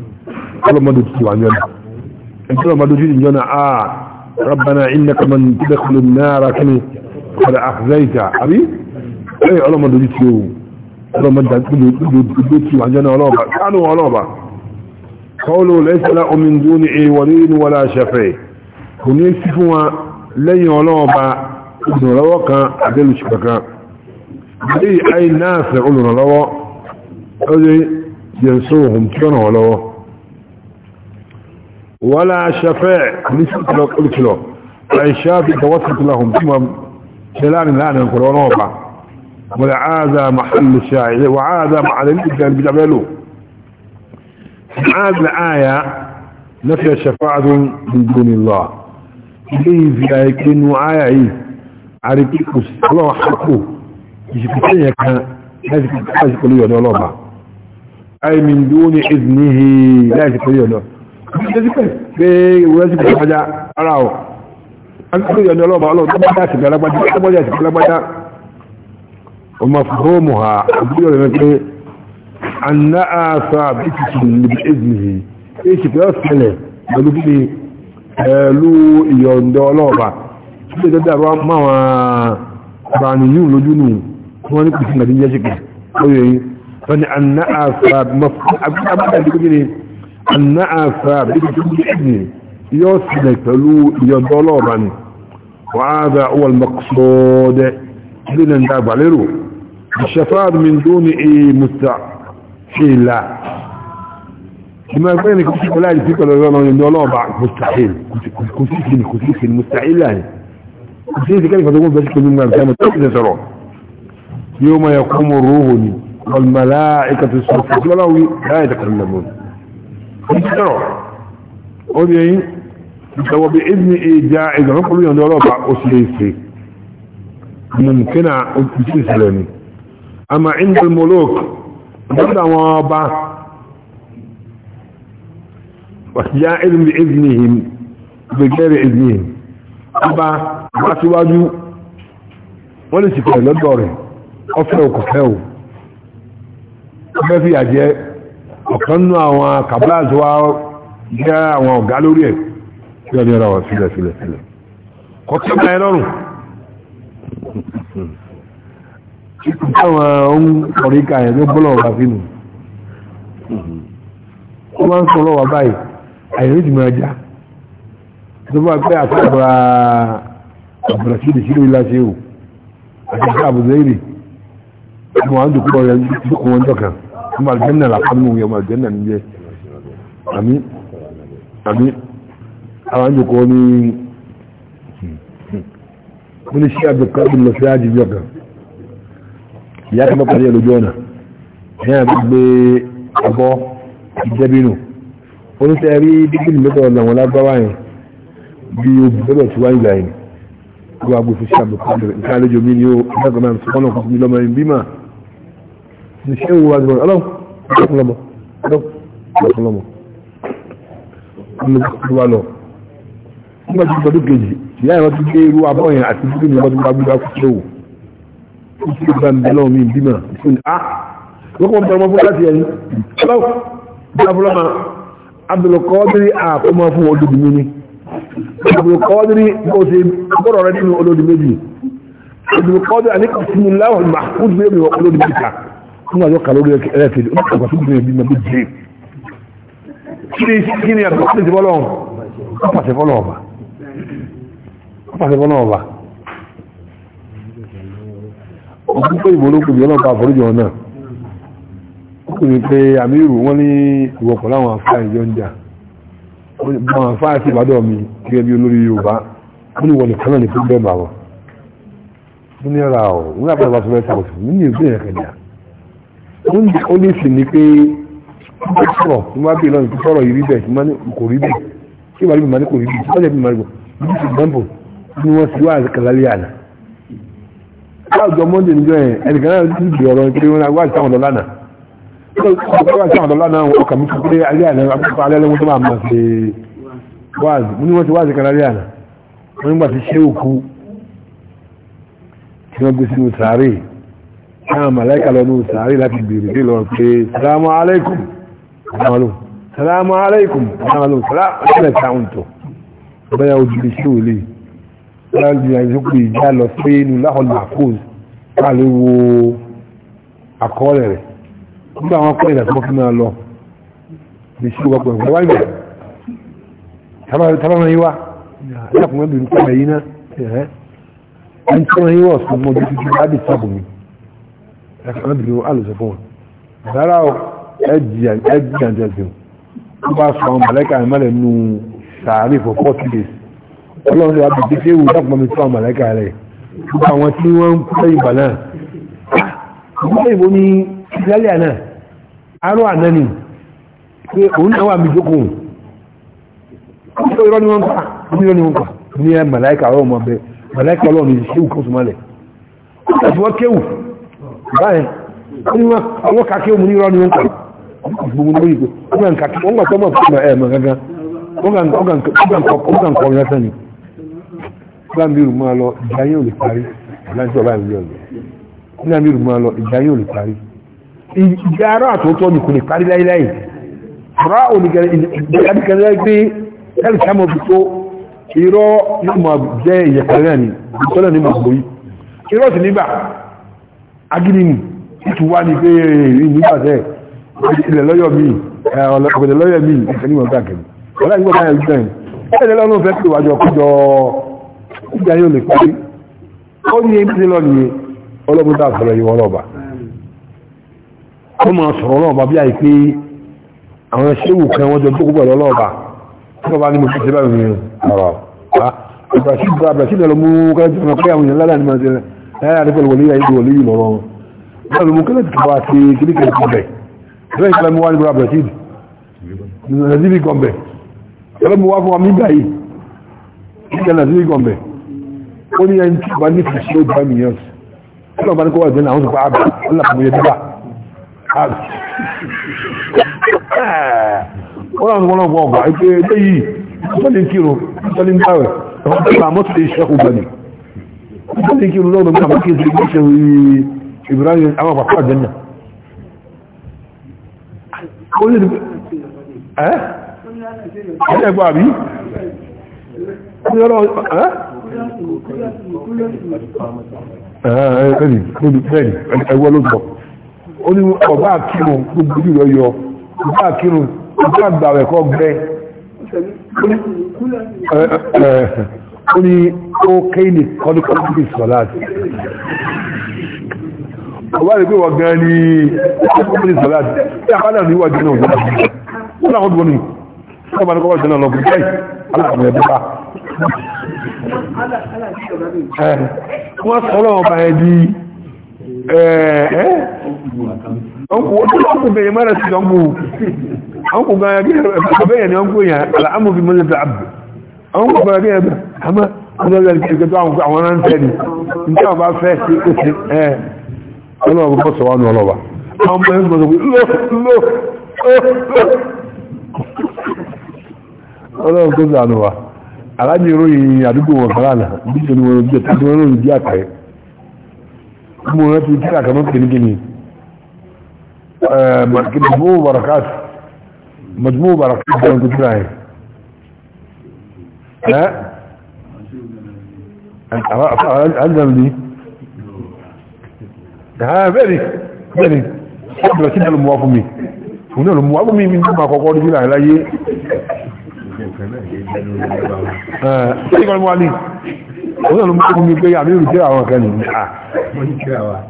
ọlọ́mọdé tuntun wà nyọ́nà ẹ̀tí ọlọ́mọdé tuntun nyọ́nà a rabbana innaka man tudkhulu an-nara kini qad akhzayta àbí ẹ̀ ọlọ́mọdé tuntun o ọlọ́mọdé tuntun wà nyọ́nà ọlọ́ọ̀bà kánú ọlọ́ọ̀bà qawlu laysa lahu min dunihi waliyun wala shafi' kò ní sí fún wa lẹ́yìn ọlọ́ọ̀bà olùrànlọ́wọ́ kan àbẹ́lùsùpẹ̀ kan àbí àyè náà sẹ́ olùrànlọ́wọ́ ó yẹ yẹn sóhùn tí ó ràn wọ́n lọ́wọ́ ولا شفاع له كلو الشافع توسط لهم بما سلان الآن الكورونا ولا عاد محل الشاعر وعاد محل الإنسان بجبله عاد الآية نفي الشفاعة من دون الله إليه في آيكين وآيعي إيه؟ عربيك الله حقه يشكتين يكا هذه كل يوم أي من دون إذنه لا يشكتين pé ìwúrẹ́ iwe kìí kọjá ara ọ̀ akíkò ìyọ̀nì ọlọ́ọ̀bà ọlọ́ọ̀dọ́ bá ha àbúrò rẹ̀ النعفة بإذن يوصلك له يدولوبا وهذا هو المقصود لنا ندافع عليه الشفاة من دون إيه مستحيلة لما بينك كنت لا يفيك لنا يدولوبا مستحيل كنت كنت مستحيل يعني كنت كيف تقول بس كل ما كانت تقدر يوم يقوم الروح والملائكة الصفوف لا يتكلمون ìtẹ́rọ̀ ó ní ẹyìn ìtẹ́wọ̀ bí ìdí ìjà ìdọ̀rọ̀ pẹ̀lú ìyọ̀ndọ̀ ọlọ́pàá ó sì lè ṣe mùmùkínà ìtì ìṣẹ̀lẹ̀ ni àmà indal ọba wàtíjá ìdí ìdínihìm gbẹ̀gẹ́rẹ̀ ìdínihìm ọba àbáṣíwájú wọ́n lè ṣìkọ̀ lọ́dọ̀ rẹ̀ ọfẹ́ òkùnfẹ́ ò ọfẹ́ fìyà ọ̀kan nú àwọn kàbíláàzù wa jẹ́ àwọn ọ̀gá lórí ẹ̀ tí wọ́n ní ọ̀rọ̀ sílẹ̀ sílẹ̀ sílẹ̀ kọ́tẹ́bà ẹ lọ́rùn àwọn ohun kọ̀ríkà ẹ̀ ló gbọ́lọ̀ ọ̀gá sínú wọ́n máa ń sọ lọ́wọ́ báyìí àyẹ̀rí ti máa já tó bá pẹ́ àtàbà àbúrásílì sílò ìlàṣẹ́ ò àti àbúzẹ́rì àwọn àjòkúrọ̀ rẹ̀ tó kún wọn jọ kan ọmọ aljanna làkánú yẹ ọmọ aljanna ní jẹ́ àmì àmì àwọn àjòkó ní wọ́n ní ṣe àjòkó lọ sí àjíjì ọ̀gá ìyá kan mọ́kànlẹ̀ lójú ọ̀nà ìyá àbí gbé ọbọ̀ ìjẹ́bínú ó ní sẹ́rí dígbìn mẹ́tọ̀ làwọn lágbáwá yẹn bí obìnrin tí wáyé gbà yẹn wọ́n á gbé fún ṣe àjòkó nǹkan àlejò mi ni ní ṣe wo wájú ọlọ́run ọlọ́mọ ọlọ́mọ ọlọ́mọ lọ nígbà tí gbọdún kejì ìyá ìwọ́n ti gbé irú abọ́ yẹn àti dúdú ní ọdún gbàgbúgbà kú tó wò ó ti gba ń bẹ̀rẹ̀ mi bímọ ìfún a lọ́kọ̀ ń bẹ̀rẹ̀ ọmọ fún láti ẹni ọlọ́wọ́ bí abúlọ́ ma abdulkọ́dírí àkọ́mọ fún olódì mi ni abdulkọ́dírí bó ṣe gbọ́dọ̀ rẹ nínú olódì kuma zo kalori ya ke da kuma su ne bin nabi je kini kini ya ko ti bolon ko se bolon ba ko se bolon ba o ku pe bolon ku yo na ba foru jo na ku ni pe amiru wọ́n ní wo ko lawon afa yo nja mo afa ti ba do mi ke bi olórí Yorùbá ko ni wọ́n kan ni ku be ba wa ni ra o ni ba ba so be ta ko ni ni be kan ya wọ́n ní ó lè sì ní pé ó sọ̀rọ̀ ní wọ́n á bí lọ́nà sọ̀rọ̀ yìí rí bẹ́ẹ̀ kò rí bẹ́ẹ̀ kí ìwà rí bẹ́ẹ̀ máa kò rí bẹ́ẹ̀ ọ̀jẹ̀ bí máa rí bọ̀ bí sì gbọ́n bọ̀ ni wọ́n sì wá kàlálí àná. láàjọ mọ́ndé níjọ́ yẹn ẹnìkan náà ti di ọ̀rọ̀ pé wọ́n wá ìtàwọn ọ̀dọ́ lánàá wọ́n ti àwọn ọ̀dọ́ lánàá ọkà mi pé alẹ́ àná akókò alẹ́ ti wáàzì kan lálẹ́ wọ́n nígbà tí ṣé wọ́n àwọn màláìkà lọ́nà sàárì láti bèèrè dé lọ pé salamu alaikum àwọn salamu alaikum àwọn salamu alaikum bẹ́yà ojúlé sí òlè láti àìsíkò ìjà lọ pé inú láhọ̀lù àkóòs káàlé wo àkọọ́lẹ̀ rẹ̀ nígbà wọn kọ́ ìdàkọ́ fún náà lọ lè ṣe wọ́pọ̀ ẹ̀gbọ́n wáyé tábàmọ́ yíwá láàpọ̀ mẹ́bìnrin pẹ̀lẹ̀ yíná ẹ̀ẹ́ ẹni tí wọ́n yíwọ̀ sọ mọ́ ojú tuntun láti sábò mi ẹ̀kọ́nàbìnrin alùsọ fún wọn dára ẹjìyànjẹ́sìn tó bá sọ àwọn mọ̀lẹ́kà ìmọ̀lẹ̀ nù sàárì for forty days ọlọ́run yóò bìí pé ewu dápọ̀ mi tó àwọn mọ̀lẹ́kà rẹ̀ gbogbo àwọn tí wọ́n ń pẹ́ ìgbà náà ìgbà ìbò ní ìsẹ́lẹ̀ náà arọ àná ni pé òun náà wà mí jókòó ọmọ ìrọ́ ni wọ́n pa ìrọ́ ni wọ́n pa ní mọ̀lẹ́kà ọlọ́run mọ̀ bẹ́ẹ̀ mọ̀lẹ́kà ọlọ́run ìṣẹ́wù kọ́sùmọ́lẹ̀ ó tẹ̀síwọ́ kéwù báyìí wọ́n kàkí omi ní ìrọ́ni oúnkọ̀ gbogbo lórí ìgbò wọ́n kàkí wọ́n gbà tọ́mọ̀ fún ẹ̀mọ̀ gangan wọ́n kàkọ́ rẹ́sẹ̀ ni gbàmírù máa lọ ìdáyé ò lè parí láti ọba ìlú ọ̀gbẹ̀ gbàmírù máa lọ ìdáyé ò lè parí ìjà ara àtọ́tọ́ ni kò lè parí láíláì ọ̀rá onígbàdìkẹ́lẹ́ pé ẹ̀rì sámọ̀ fi tó irọ́ ní mọ̀ jẹ́ ìyẹ̀kẹ́lẹ́ ni ìtọ́lẹ̀ ní mọ̀ gbòyí irọ́ sì nígbà agídínì tí wá ní pé nígbàtẹ́ ilẹ̀ lọ́yọ̀ mi ọ̀gẹ̀dẹ̀ lọ́yọ̀ mi ìfẹ́niwọ̀n káàkiri ọ̀lá ìgbà báyẹ̀ ìgbà yìí ẹ̀lẹ́ lọ́nà fẹ́ pè wájọ ọkọjọ ìgbà yóò lè parí ó ní ebi tí lọ ní ọlọ́gbọ́n tá sọ̀rọ̀ yìí ọlọ́ba ó máa sọ̀rọ̀ ọlọ́ba bí àìpé àwọn ṣéwù kan wọ́n jọ tó kúbọ̀ lọ́lọ́ba tí wọ́n bá ní mo fi ṣe báyìí ọ̀rọ̀ àbàṣí ìbúra àbàṣí ìlẹ̀ lọ mú kájọ́ ọmọ pé àwọn èèyàn ládàá ní máa ṣe ẹ̀yà àdúgbò wòlíì ayé wòlíì lọ́rọ̀ wọn náà ló mú kílẹ̀ tó bá ti kílì kẹ̀lẹ̀ kọ̀bẹ̀ ẹ̀rọ ìfẹ́ mú wá ní bọ́ra bẹ̀tìd nàìjírí kọ̀bẹ̀ ẹ̀rọ mú wá fún wa mí gbà yìí kíkẹ́ nàìjírí kọ̀bẹ̀ ó ní ẹni tí wọ́n ní fi ṣe ó bá mi yẹn tí wọ́n bá ní kó wà jẹ́ náà wọ́n sọ pé àbẹ̀ ńlá fún mi yẹn dígbà ó rà wọn lọ́wọ́ ọgbà ẹgbẹ́ yìí wọ́n ní kírun wọ́n ní gbàwẹ̀ ẹ̀wọ̀n tó ìgbàlẹ̀ kí olóòrò ní àwọn kéèsì ní ṣe orí Ibrahim àwọn àpapọ̀ àjẹ́nà ó lè ẹ́ ẹgbà bí kúrò ẹ́ ẹ̀rì ẹgbẹ́ lóòtọ́ ó ní ọba àkírùn gbogbo jùlọ yọ ọba àkírùn ọba àgbà ẹ̀kọ́ gbẹ́ ó ní ó kéyì ní kọ́dúkọ́dú sọ́láàtì ọba rẹ̀ pé wọ́n gan ní kọ́dúkọ́dú sọ́láàtì tí a kádà ní wájú náà lọ́wọ́ wọ́n náà kọ́dúkọ́ ní wọ́n bá ní kọ́dúkọ́ náà lọ́wọ́ bẹ́ẹ̀ aláàbò ẹ̀bí bá wọ́n sọ́rọ̀ ọba ẹ̀ di ọkùn bẹ̀yẹ̀ mẹ́rẹ̀ sí ọmọ ọkùn gan ẹgbẹ̀rẹ̀ ọmọ bẹ̀yẹ̀ ni ọkùn yẹn aláàmù fi mọ́lẹ̀ ọlọ́rẹ̀ ìgbẹ̀gbẹ̀ tó àwọn ọ̀rán tẹ́lì ní àwọn bá fẹ́ sí òsì ẹ̀ ọlọ́rọ̀ bọ́ sọ wá ní ọlọ́wà àwọn ọmọ ẹgbẹ̀ tó ọlọ́rọ̀ tó sọ ànúwà alájì ìròyìn àdúgbò wọn kan lánàá bí i ṣe ni wọn jẹ tàbí wọn lórí bí àkàrẹ mo rántí tí àkàmọ́ عندهم لي ها بني بني قبل كده الموافمي هنا الموافمي من ما قوقوا دي لا لا اه ايوه الموالي هنا الموافمي بيجي عاملين كده هو كان اه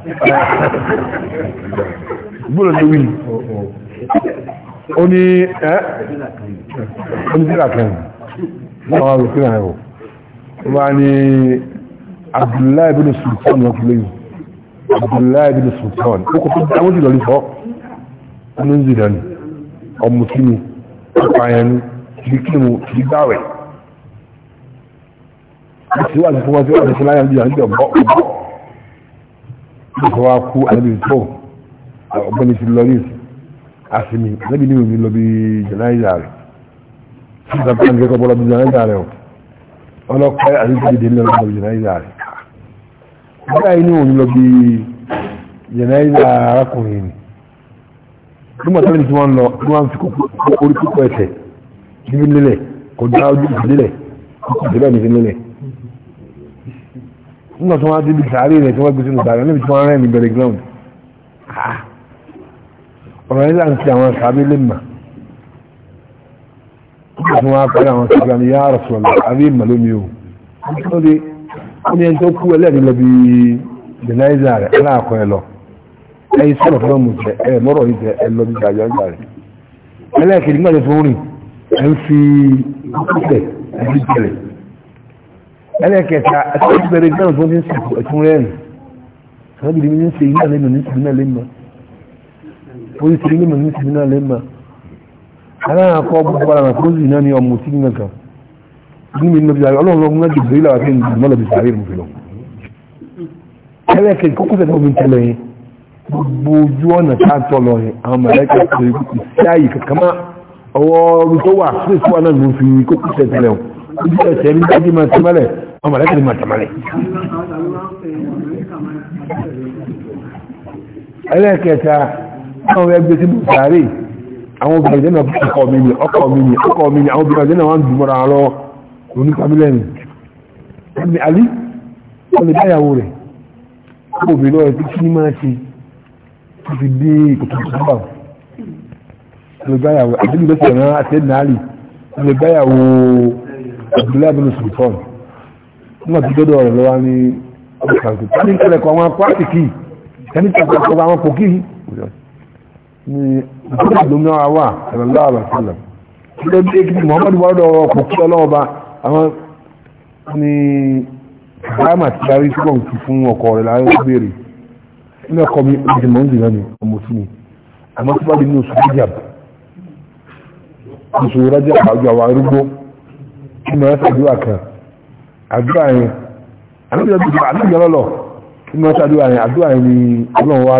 بقول له وين oni eh oni dira kan wa wa kira ho wọ́n ni abdullahi bin sultan wọ́n fi lóyún abdullahi bin sultan ó kò tó dáwọ́ jùlọ ní sọ ọ́nà ń zìdá ni ọmọ kí ni ọpààyàn ni kìí kí mu kìí gbáwẹ̀ láti wà ní fún wọn tí wọ́n ti láyà ń jìyà ń jọ bọ́ ọ̀bọ́ nípa wa kú àlebi tó ọ̀gbẹ́ni ti lọ ní àsìmí àlebi ní òní lọ bí jẹnáyà rẹ̀ sí ìsàkóso àti kẹ́kọ̀ọ́ bọ́lá bí jẹnáyà rẹ̀ o ọlọ́pẹ́ àríkìdìdì ní ọlọ́pẹ́ jẹ̀náìzà rẹ̀ nígbà inú òun lọ bí jẹ̀náìzà arákùnrin ni nígbà tó ní tí wọ́n lọ tí wọ́n fi orí púpọ̀ ẹ̀tẹ̀ níbi nílẹ̀ kò dá ojú ìdílẹ̀ ah! ọ̀rọ̀ nígbà ń ti àwọn sàárè lè mà fún wa pẹ̀lú àwọn sọ́gbà ní yára sọ̀rọ̀ àrí ìmọ̀lómi o ó lè ó ní ẹni tó kú ẹlẹ́ni lọ bí jẹnáìzà rẹ̀ aláàkọ́ ẹ lọ ẹyí sọ̀rọ̀ fún ọmọ jẹ ẹ mọ́rọ̀ yìí jẹ ẹ lọ bí jàjọ ìgbà rẹ̀ ẹlẹ́ẹ̀kejì nígbà tó rìn ẹ ń fi kúkúkẹ̀ ẹ fi jẹrẹ ẹlẹ́ẹ̀kẹta ẹ tó bẹ̀rẹ̀ gbẹ̀rù tó ní aláàrùn akọ gbogbo ara kó sì náà ní ọmọ sí nínú kan ní mi níbi àrí ọlọ́run lọ́gbọ́n láti bèèrè àwọn akéwì ìgbìmọ̀ lọ́bi sàárè mú fi lọ. ẹlẹ́kẹ̀ kókó tẹ̀lé omi tẹ̀lé yẹn gbogbo ojú ọ̀nà tá a tọ̀ lọ yẹn àwọn mọ̀lẹ́kẹ̀ tẹ̀lé ìsí àyè kankan má ọwọ́ omi tó wà sí ìfúwa náà ló fi kókó tẹ̀lé o ojú ẹsẹ̀ ní dájú máa ti mọ́lẹ̀ àwọn mọ̀lẹ́kẹ̀ máa tẹ̀ mọ́lẹ̀. ẹlẹ́kẹ̀ta ẹgbẹ́ tí àwọn obìnrin jẹ́nà ọkọ̀ mi ni ọkọ̀ mi ni ọkọ̀ mi ni àwọn obìnrin jẹ́nà wọ́n dùn mọ́ra lọ òní famílẹ̀nì ẹni alí wọ́n lè báyàwó rẹ̀ obìnrin lọ́rẹ̀ tí kí ní máa ṣe tó fi dé ìkòtò ìjọba wọ́n lè báyàwó àdínú lọ́sẹ̀ rán àti ẹ̀dínà alì wọ́n lè báyàwó abdullahi abdul sultan wọ́n ti dọ́dọ̀ rẹ̀ lọ́wọ́ ní ọkọ̀ ni ìdúnà wà sallallahu alaihi wasallam ilẹ̀ bí i kìí muhammadu wàrúdọ̀ kò kí ọlọ́ọ̀bá àwọn ni ìdáàmà ti darí sí kọ̀ǹ tí fún ọkọ̀ rẹ̀ láyé ó béèrè ní ọkọ̀ mi ìdìmọ̀ ń dìgbà ní ọmọ sí ni àmọ́ tó bá di ní oṣù rajab oṣù rajab àjọ àwọn arúgbó kí mọ̀ ẹ́sà àdúrà kan àdúrà yẹn àdúrà yẹn lọ́lọ́ kí mọ̀ ẹ́sà àdúrà yẹn àdúrà yẹn ni ọlọ́run wá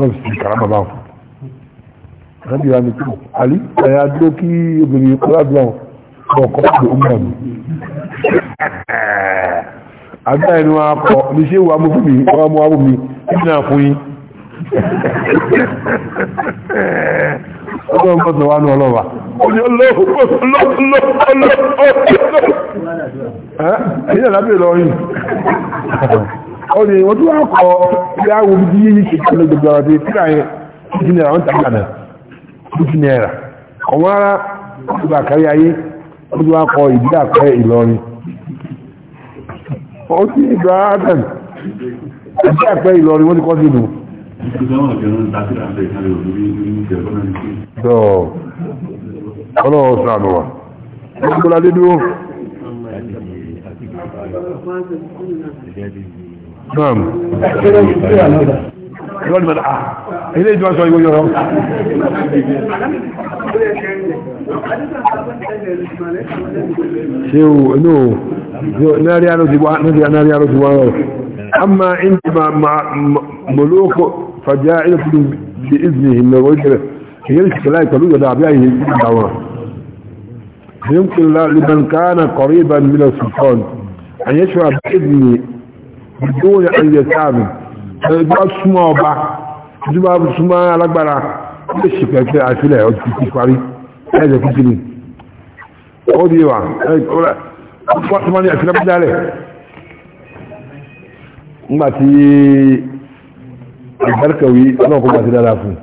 wọ́n fi kàrámà bá fún ànábì wa ni kí àlí ẹ̀yà dúró kí obìnrin kọ́ládùn àwọn ọkọ̀ pẹ̀lú ọmọ mi àgbà ẹni wọn akọ ní ṣé wà mú fún mi wọ́n mú wà mú mi kí náà fún yín ọjọ́ nǹkan tó wà ní ọlọ́wà ọlọ́ọ̀lọ́ọ̀lọ́ọ̀lọ́ọ̀lọ́ọ̀lọ́ọ̀lọ́ọ̀lọ́ ó ní wọ́n tó wá kọ́ bí a wo bí yíyí yìí kìí kọ́lé gbogbo ọ̀rọ̀ bíi kíra yẹn fifty naira wọ́n tàbí àná fifty naira ọ̀wọ́n ara ìgbà kárí ayé ó tó wá kọ́ ìdílé àkọ́ ìlọrin ó sì ìgbà adam ìdílé àkọ́ ìlọrin wọ́n ti kọ́ sínú. ọlọ́wọ́ sànù wa ó kọ́lá dé dúró. Thank you. نعم احترام الملعة هل يجب شو نو ناري على زبوة ناري على زبوة أما عند مع ملوك فجاء يفلو بإذنه إنه ويجب يلسك لا يتلو يدع بيعه يمكن لمن كان قريبا من السلطان أن يشعر بإذنه بدون أن يتابع ẹgbẹ́ súnmọ́ ọba tí bá súnmọ́ alágbára lè ṣìkẹ̀kẹ́ àṣílẹ̀ ọdún ti parí ẹ̀jẹ̀ kìkì ni ó di wà ọ̀pọ̀lọpọ̀ ní àṣílẹ̀ pẹ́jálẹ̀ ńgbàtí àgbẹ́rẹ̀kẹ̀wé ọlọ́kọ̀ bá ti dára fún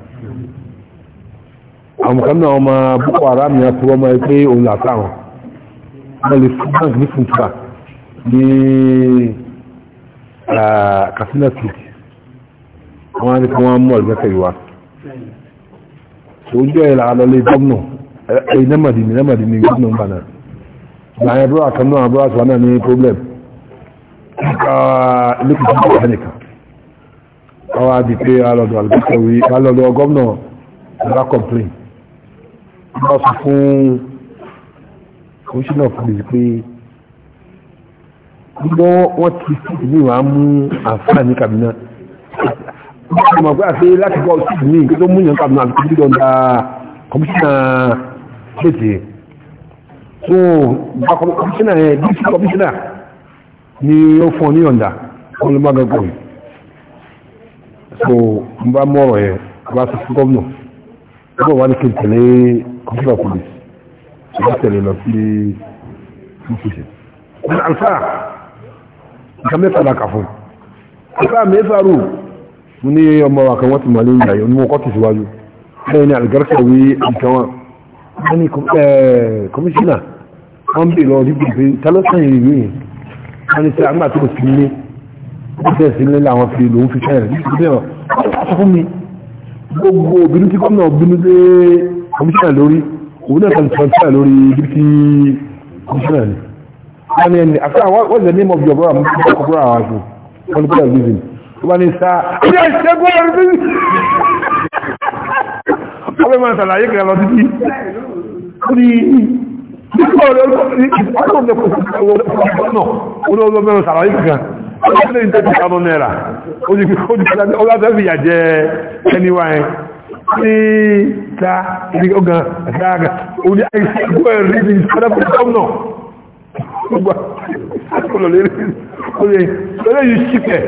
àwọn kan náà ọmọ boko haram ni a tó ọmọ ẹgbẹ́ òun àtàwọn wọ́n Katsina street wọ́n ní kí wọ́n mú ọ̀lẹ́kẹ̀rẹ̀ wá ojú ẹ̀ làálọ́lé gómìnà ẹ̀yìn nẹ́màdì ní nẹ́màdì ní gómìnà ń bà náà láyé búrọ̀ àkànnà àbúrò àti wọn náà ní problem nípa ilékùnkùn tó wà nìkan wọ́n á di pé alọ́dọ̀ alùpùpù alọ́dọ̀ gómìnà ìlà complain wọ́n sọ fún commissioner police pé gbọ́ wọ́n ti sí ní wàá mú àǹfààní kàbínà wọ́n mọ̀ pé àti láti gbọ́ sí ní nǹkan tó mú yàn kàbínà àti kìí dọ̀nda kọmíṣínà ṣèṣe tó bá kọmíṣínà yẹn dc kọmíṣínà ni ó fún ọ ní yọ̀nda wọ́n ló má gbọ́ yìí so n bá mọ̀rọ̀ yẹn a bá sọ fún gọ́ọ̀nà gbọ́ wà ní kí n tẹ̀lé kọmíṣínà police ṣe bá tẹ̀lé lọ sí ìfúnṣe. alfa nǹkan mẹ́fà la kà fún ìfà mẹ́fà rò mo ní ọmọ wa kan wọ́n ti màlẹ́ ìyá yìí wọ́n kọ́ ti síwájú bẹ́ẹ̀ ni àlùgárẹ́sẹ̀ wí nǹkan wọn wọ́n ní kọmíṣínà wọ́n bèèrè ọdún gbèsè tálọ́sàn ìlú yìí wọ́n ní sẹ́ àgbà tó kò sí nílé ó bẹ̀rẹ̀ sí nílé àwọn fi lòun fi ṣẹ́yẹ̀ ní ìpínlẹ̀ wọn sọ fún mi gbogbo obìnrin tí gómìnà obìnrin lé kọmíṣínà lórí òun náà kan tọ́ntà lórí bí kọmíṣínà ni wọ́n ẹni àfẹ́ àwọn what's the name of your brother ọkọ̀ brother àwọn aṣọ wọ́n ní brother reason wọ́n ní sá ilé ìṣẹ́ brother reason wọ́n fẹ́ máa ṣàlàyé kìlá lọ títí ní olóòlómẹ́rin ṣàlàyé kìkan ọlọ́pẹ́ ní tẹ́tì ọmọ náírà olùfẹ́ fìyà jẹ ẹniwá ẹ ní ta ìgbógan ẹ̀ṣẹ́ àgbà orí àìsí ẹgbẹ́ rí ní ìṣẹ́lẹ́pẹ́ gbogbo àkọlọ lórí oye lórí yìí ṣìkẹ̀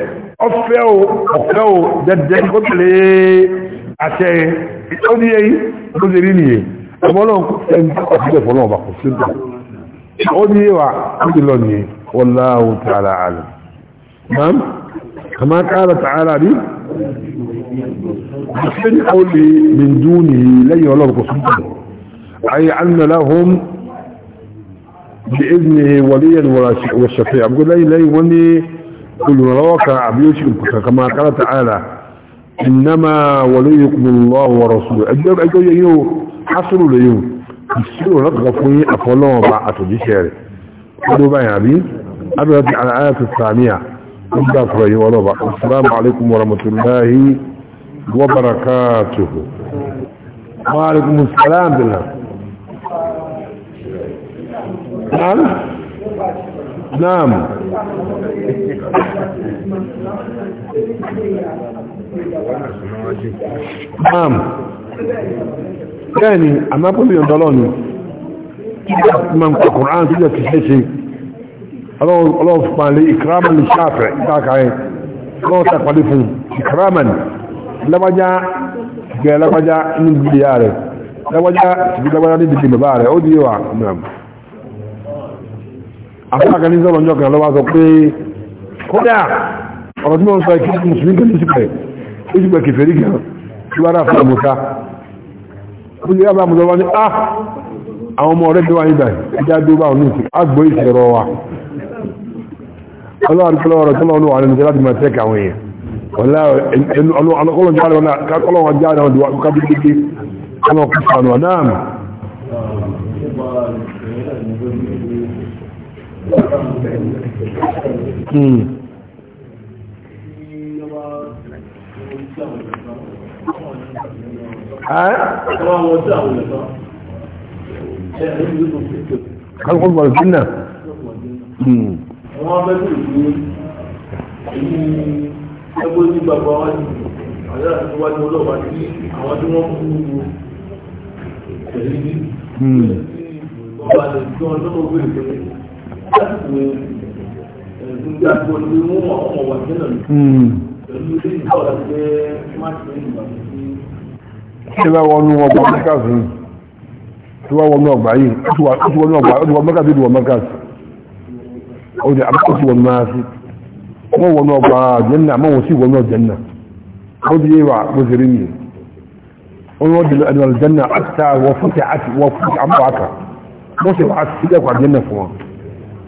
ọ̀fẹ́ o ọ̀fẹ́ o dẹ̀dẹ̀ kó tẹ̀lé àṣẹ ó ní èyí ló ṣe rí nìyẹ ọmọ náà ẹni tó kọ̀ sílẹ̀ fọlọ́ ọba kò sí ìgbà ó ní wa ó ti lọ nìyẹ wallahu ta'ala alim mam kama qala ta'ala bi bisin qawli min dunihi la yawla qusum ay anna lahum بإذنه وليا والشفيع أقول لي لي ولي كل رواقع بيوشك كما قال تعالى إنما وليكم الله ورسوله أجل أجل يو حصلوا ليو يسيروا لقفوني أفلوا بعثوا بشاري قالوا بقى يا عبي أبرد على آية الثانية أبدا ولو السلام عليكم ورحمة الله وبركاته وعليكم السلام بالله نعم نعم naam bẹ́ẹ̀ni àmá pẹ̀lú ìyọ̀ndọ́lọ́ ni ma ń kọ kùnrán tó jẹ́ ti ṣe ṣe ọlọ́ọ̀fààlẹ̀ ìkìrámà lè ṣáàfẹ́ káàkiri lọ́ọ̀ta pàdé fún ìkìrámà lábájá gẹ̀ẹ́ lábájá ní ìgbìyà rẹ̀ lábájá ti bí lábájá ní ìdíje bàbá rẹ̀ ó díyẹ̀wà náà àfáàkà ní sọ́lọ́njọ́ kan lọ́wọ́ sọ pé kódà ọ̀rọ̀ tí wọ́n sọ ikú mùsùlùmí kan níṣìpẹ̀ níṣìpẹ̀ kèfèrí kan tí wọ́n ráfà mùsá ó yẹ bá mùsọ́ wọn ní á àwọn ọmọ ọ̀rẹ́ gbéwà nígbà ìjà dóbá òun nìsí àgbò ìṣẹ̀rọ wa ọlọ́run tó lọ́wọ́ tọ́lọ́ ọlọ́wọ́ alẹ́ nìṣẹ́ láti máa tẹ́kà àwọn èèyàn ọlọ́run jáde wọn náà ọlọ́run jáde wọn Hmm. Kọ́kọ́ bọ̀rọ̀ sí náà. Wọ́n bẹ́ẹ̀ tó ní ẹgbẹ́ ní bàbá wá ní àjọ́ àti wájú ọlọ́pàá tí àwọn tí wọ́n kú ní ẹ̀rí ní ọba àti ìjọ ọlọ́pàá lásìkò ìgbà tó ndị wọ́n mọ̀ ọmọ ndị nínú ndị pẹ̀lú ilé ìgbà wà pé má ṣe é ìgbà tó ní. ṣé bá wọnú ọgbà mẹ́kà i tí wọ́n wọnú ọgbà yìí ó ti wọnú wa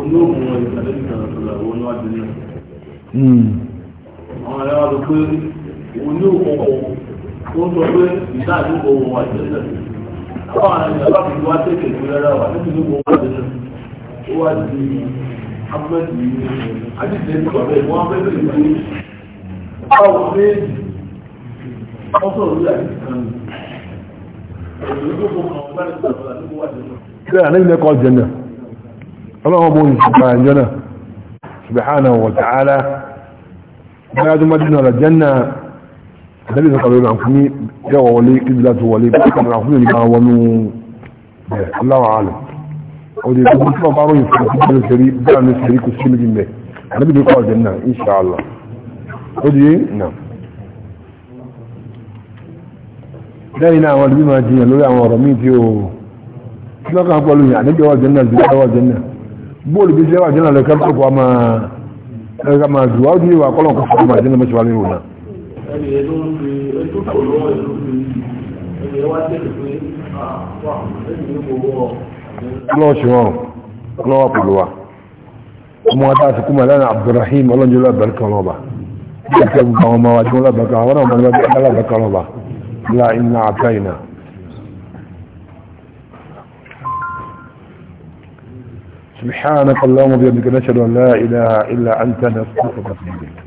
olóògùn wọn ìtàlẹ́yìn kan ọ̀sọ̀lá owó ní wájú hmm. ní àwọn ẹ̀rọ rẹ̀ pé òun ní òkòkò tó sọ pé ìdá àdúgbò wọn wà jẹ́jẹ́ àwọn àrẹ̀ alákùnrin wá tẹ̀kẹ̀ tó rárá wà nínú wọn wà jẹ́jẹ́ ó wá di ahmed yìí àdìsẹ́ ní ọ̀bẹ wọn fẹ́ bẹ̀rẹ̀ pé báwo méjì wọ́n sọ̀rọ̀ lórí àdìsẹ́ kan Bẹ́ẹ̀ ni, ẹni kọ́ jẹ náà ọlọ́wọ́ bó ìsìnkànjọ́nà subhanahu wa ta'ala gbáyájú madina aljanna àdábì sọ̀kàlẹ̀ ìrànkúnmí yẹwà wọlé ìdílátò wọlé ìrànkúnmí ìgbà wọnú bẹ̀rẹ̀ aláwọ̀ alẹ̀ ọdí ìgbà tí wọ́n bá ròyìn fún ọdún tó ṣeré bí àmì ṣeré kò sí méjì mẹ́ àdábì lè kọ́ aljanna insha Allah ó di yé nà lẹ́yìn náà àwọn àdúgbò máa jiyàn lórí àwọn ọ̀rọ̀ míì tí ó lọ́kàn pọ̀lú yìí àdábì wọ́n aljanna bóòlù bí sílẹ̀ wà jẹ́ nàlẹ́ kẹ́kọ̀ọ́ kọ́ máa ẹ̀ka máa zù wá ní ìwà kọ́lọ̀ kọ́ fún màjẹ́ nàmẹ́sì wà lérò náà. lọ́wọ́ sí wọn lọ́wọ́ pẹ̀lú wa ọmọ wa táà sí kúmọ̀ lẹ́nu Abdulrahim ọlọ́njẹ́ lábẹ́rẹ́kà lọ́ba ìjọba àwọn ọmọ wa jẹ́ lábẹ́rẹ́kà lọ́ba láì ní àtàyìnà سبحانك اللهم وبحمدك نشهد ان لا اله الا انت نستغفرك ونتوب اليك